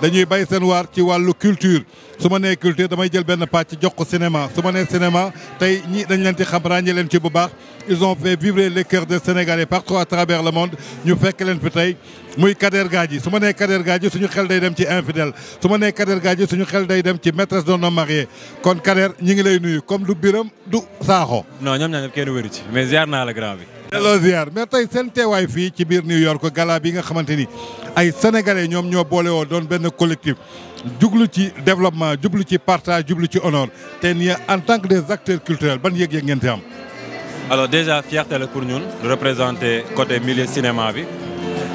dañuy bay seen waar ci wàllu culture su ma nee culture damay jël benn pàcc jox ko cinéma su ma nee cinéma tey ñi dañ leen ci xam ràññee leen ci bu baax ils ont fait vibrer les cœurs des Sénégalais partout à travers le monde ñu fekk leen fi tey muy Kader gaaji su ma nee Kader Gadji suñu xel day dem ci infidèle su ma nee Kader Gadji suñu xel day dem ci maîtresse d'un homme marié kon Kader ñi ngi lay nuyu comme du Biram du Saaxo. non ñoom ñaan ñëpp kenn wéru ci mais ziar naa la grand bi delloo ziar mais tey seen teewaay fii ci biir New York gala bi nga xamante ay sénégalais nous, ñoo boole woo doon ben collectif jublu ci développement jublu ci partage jublu ci honneur te en tant que des acteurs culturels ban yëg-yëg ngeen te am. alors déjà fierté la pour ñun de représenter côté milieu cinéma bi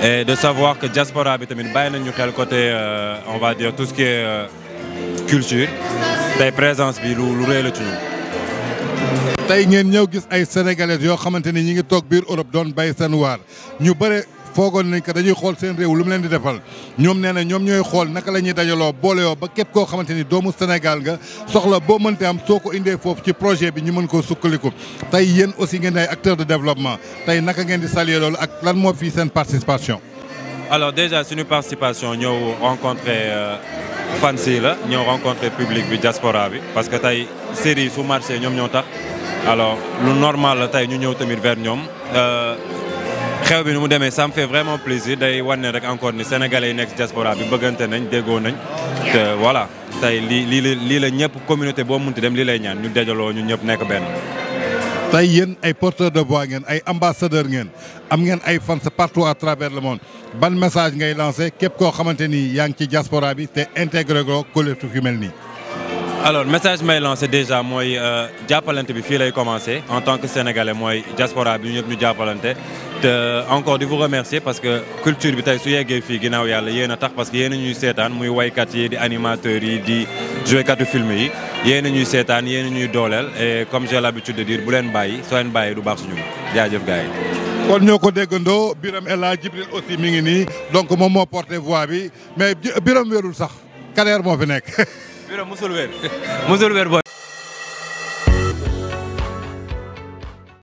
et de savoir que diaspora bi tamit bàyyi nañu xel côté euh, on va dire tout ce qui est euh, culture des présences, bi lu le rëy la ci ñun tey ngeen ñëw gis ay sénégalais yo xamanteni ñi ngi tok biir Europe doon bay seen war ñu bëre fogon nañ ko dañuy xol seen réew lu mu leen di defal ñom nee ñom ñoy xol naka lañuy dajalo dajaloo ba képp ko xamanteni doomu Sénégal nga soxla bo mënte am soko ko indee ci projet bi ñu mën ko sukkaliku tay yeen aussi ngeen di ay de développement tay naka ngeen di saluer loolu ak lan mo fi seen participation alors déjà suñu participation ñëw rencontrer euh, fans yi la ñoo rencontré public bi diaspora parce que tey série su marché ñoom ñoo tax alors lu normal la ñu tamit vers euh, me fait vraiment plaisir day voir encore ni sénégalais yi nekk diaspora bi bëggante nañ nañ voilà ñëpp communauté dem lay ñaan ñu ñëpp de voix ngeen ambassadeurs am partout à travers le monde ban message ngay lancé képp koo xamante ni yaa ngi ci diaspora bi te intégré ko collectif yu mel nii. alors message may lancé déjà mooy euh, jàppalante bi fii lay commencé en tant que sénégalais mooy diaspora bi ñu ñëpp ñu jàppalante. te euh, encore di vous remercier parce que culture bi tey su yeggee fii ginnaaw yàlla yéen a tax parce que yéen a ñuy seetaan muy waykat yi di animateur yi di jouekatu film yi yéen a ñuy seetaan yéen a ñuy dooleel et comme j'ai l'habitude de dire bu leen bàyyi soo leen bàyyi du baax suñu jaajëf gars yi kon ñoko ko biram Birame Ella Djibril aussi mi ngi nii donc moom moo porté voix bi mais biram wérul sax carrière mo fi nek biram musul wér musul wér